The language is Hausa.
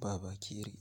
Babakere.